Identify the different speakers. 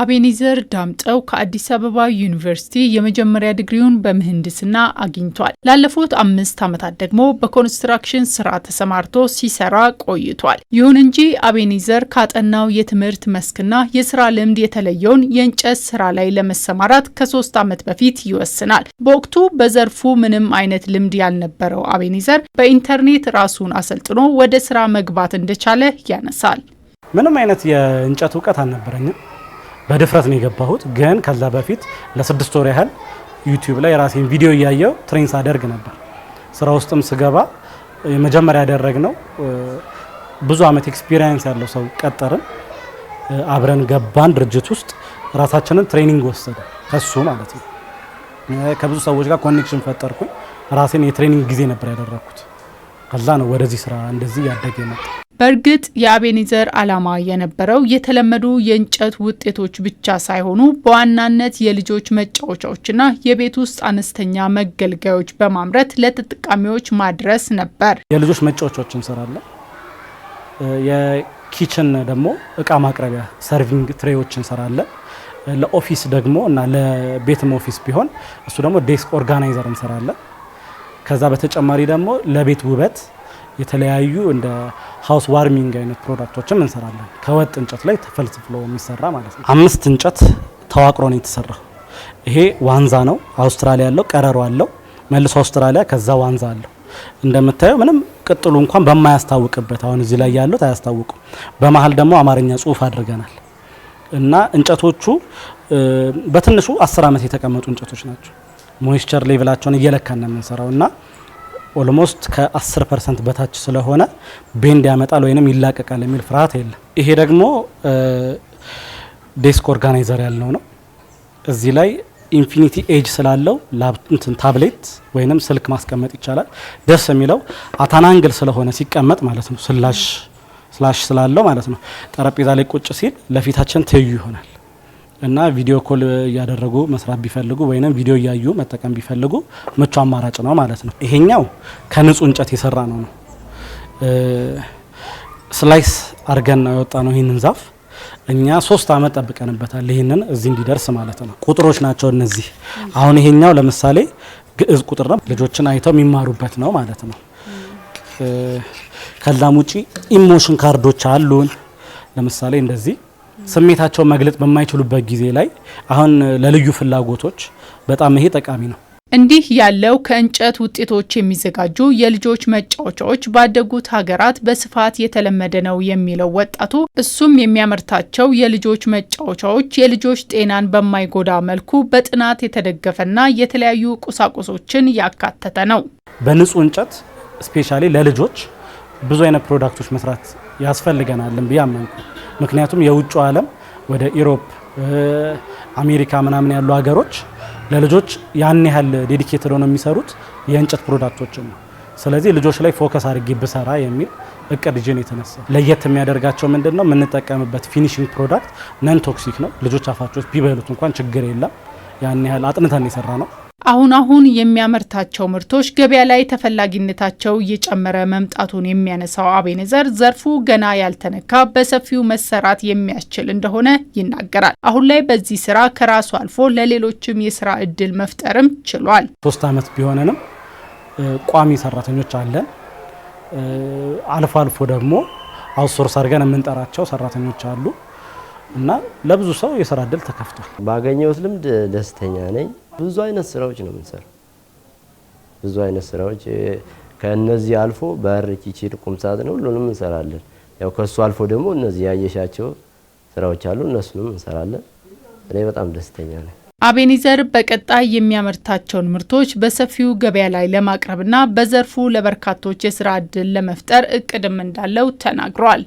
Speaker 1: አቤኒዘር ዳምጠው ከአዲስ አበባ ዩኒቨርሲቲ የመጀመሪያ ዲግሪውን በምህንድስና አግኝቷል። ላለፉት አምስት ዓመታት ደግሞ በኮንስትራክሽን ስራ ተሰማርቶ ሲሰራ ቆይቷል። ይሁን እንጂ አቤኒዘር ካጠናው የትምህርት መስክና የስራ ልምድ የተለየውን የእንጨት ስራ ላይ ለመሰማራት ከሶስት ዓመት በፊት ይወስናል። በወቅቱ በዘርፉ ምንም አይነት ልምድ ያልነበረው አቤኒዘር በኢንተርኔት ራሱን አሰልጥኖ ወደ ስራ መግባት እንደቻለ ያነሳል።
Speaker 2: ምንም አይነት የእንጨት እውቀት አልነበረኝም በድፍረት ነው የገባሁት። ግን ከዛ በፊት ለስድስት ወር ያህል ዩቲዩብ ላይ የራሴን ቪዲዮ እያየው ትሬን ሳደርግ ነበር። ስራ ውስጥም ስገባ የመጀመሪያ ያደረግ ነው ብዙ አመት ኤክስፒሪየንስ ያለው ሰው ቀጠርን። አብረን ገባን ድርጅት ውስጥ ራሳችንን ትሬኒንግ ወሰደ ከሱ ማለት ነው። ከብዙ ሰዎች ጋር ኮኔክሽን ፈጠርኩኝ። ራሴን የትሬኒንግ ጊዜ ነበር ያደረኩት። ከዛ ነው ወደዚህ ስራ እንደዚህ ያደገ የመጣ
Speaker 1: በእርግጥ የአቤኔዘር ዓላማ የነበረው የተለመዱ የእንጨት ውጤቶች ብቻ ሳይሆኑ በዋናነት የልጆች መጫወቻዎችና የቤት ውስጥ አነስተኛ መገልገያዎች በማምረት ለተጠቃሚዎች ማድረስ ነበር።
Speaker 2: የልጆች መጫወቻዎች እንሰራለን። የኪችን ደግሞ እቃ ማቅረቢያ ሰርቪንግ ትሬዎች እንሰራለን። ለኦፊስ ደግሞ እና ለቤትም ኦፊስ ቢሆን እሱ ደግሞ ዴስክ ኦርጋናይዘር እንሰራለን። ከዛ በተጨማሪ ደግሞ ለቤት ውበት የተለያዩ እንደ ሀውስ ዋርሚንግ አይነት ፕሮዳክቶችም እንሰራለን። ከወጥ እንጨት ላይ ተፈልፍሎ የሚሰራ ማለት ነው። አምስት እንጨት ተዋቅሮ ነው የተሰራ። ይሄ ዋንዛ ነው አውስትራሊያ አለው፣ ቀረሮ አለው መልሶ አውስትራሊያ ከዛ ዋንዛ አለው። እንደምታየው ምንም ቅጥሉ እንኳን በማያስታውቅበት አሁን እዚህ ላይ ያሉት አያስታውቁም። በመሀል ደግሞ አማርኛ ጽሑፍ አድርገናል እና እንጨቶቹ በትንሹ አስር ዓመት የተቀመጡ እንጨቶች ናቸው። ሞይስቸር ሌቭላቸውን እየለካን ነው የምንሰራው እና ኦልሞስት ከ10 ፐርሰንት በታች ስለሆነ ቤንድ ያመጣል ወይንም ይላቀቃል የሚል ፍርሃት የለም። ይሄ ደግሞ ዴስክ ኦርጋናይዘር ያለው ነው። እዚህ ላይ ኢንፊኒቲ ኤጅ ስላለው ታብሌት ወይንም ስልክ ማስቀመጥ ይቻላል። ደስ የሚለው አታናንግል ስለሆነ ሲቀመጥ ማለት ነው ስላሽ ስላሽ ስላለው ማለት ነው ጠረጴዛ ላይ ቁጭ ሲል ለፊታችን ትይዩ ይሆናል። እና ቪዲዮ ኮል እያደረጉ መስራት ቢፈልጉ ወይም ቪዲዮ እያዩ መጠቀም ቢፈልጉ ምቹ አማራጭ ነው ማለት ነው። ይሄኛው ከንጹህ እንጨት የሰራ ነው ነው ስላይስ አድርገን ነው የወጣ ነው ይህንን ዛፍ እኛ ሶስት አመት ጠብቀንበታል። ይህንን እዚህ እንዲደርስ ማለት ነው። ቁጥሮች ናቸው እነዚህ። አሁን ይሄኛው ለምሳሌ ግዕዝ ቁጥር ነው። ልጆችን አይተው የሚማሩበት ነው ማለት ነው። ከዛም ውጪ ኢሞሽን ካርዶች አሉን። ለምሳሌ እንደዚህ ስሜታቸውን መግለጽ በማይችሉበት ጊዜ ላይ አሁን ለልዩ ፍላጎቶች በጣም ይሄ ጠቃሚ ነው።
Speaker 1: እንዲህ ያለው ከእንጨት ውጤቶች የሚዘጋጁ የልጆች መጫወቻዎች ባደጉት ሀገራት በስፋት የተለመደ ነው የሚለው ወጣቱ፣ እሱም የሚያመርታቸው የልጆች መጫወቻዎች የልጆች ጤናን በማይጎዳ መልኩ በጥናት የተደገፈና የተለያዩ ቁሳቁሶችን ያካተተ ነው።
Speaker 2: በንጹህ እንጨት ስፔሻሊ ለልጆች ብዙ አይነት ፕሮዳክቶች መስራት ያስፈልገናልን ብዬ አመንኩ። ምክንያቱም የውጭ ዓለም ወደ ኢሮፕ፣ አሜሪካ ምናምን ያሉ ሀገሮች ለልጆች ያን ያህል ዴዲኬትድ ሆነው የሚሰሩት የእንጨት ፕሮዳክቶችን ነው። ስለዚህ ልጆች ላይ ፎከስ አድርጌ ብሰራ የሚል እቅድ ይዤ የተነሳ። ለየት የሚያደርጋቸው ምንድን ነው? የምንጠቀምበት ፊኒሽንግ ፕሮዳክት ነን ቶክሲክ ነው። ልጆች አፋቸው ቢበሉት እንኳን ችግር የለም። ያን ያህል አጥንተን የሰራ ነው።
Speaker 1: አሁን አሁን የሚያመርታቸው ምርቶች ገበያ ላይ ተፈላጊነታቸው እየጨመረ መምጣቱን የሚያነሳው አቤነዘር ዘርፉ ገና ያልተነካ በሰፊው መሰራት የሚያስችል እንደሆነ ይናገራል። አሁን ላይ በዚህ ስራ ከራሱ አልፎ ለሌሎችም የስራ እድል መፍጠርም ችሏል።
Speaker 2: ሶስት ዓመት ቢሆንንም ቋሚ ሰራተኞች አለን። አልፎ አልፎ ደግሞ አውትሶርስ አድርገን የምንጠራቸው ሰራተኞች አሉ እና ለብዙ ሰው የስራ እድል ተከፍቷል።
Speaker 3: ባገኘሁት ልምድ ደስተኛ ነኝ። ብዙ አይነት ስራዎች ነው የምንሰራው። ብዙ አይነት ስራዎች ከእነዚህ አልፎ በር፣ ኪችን፣ ቁም ሳጥን ሁሉንም እንሰራለን። ያው ከሱ አልፎ ደግሞ እነዚህ ያየሻቸው ስራዎች አሉ፣ እነሱንም እንሰራለን። እኔ በጣም ደስተኛ ነኝ።
Speaker 1: አቤኒዘር በቀጣይ የሚያመርታቸውን ምርቶች በሰፊው ገበያ ላይ ለማቅረብና በዘርፉ ለበርካቶች የስራ ዕድል ለመፍጠር እቅድም እንዳለው ተናግሯል።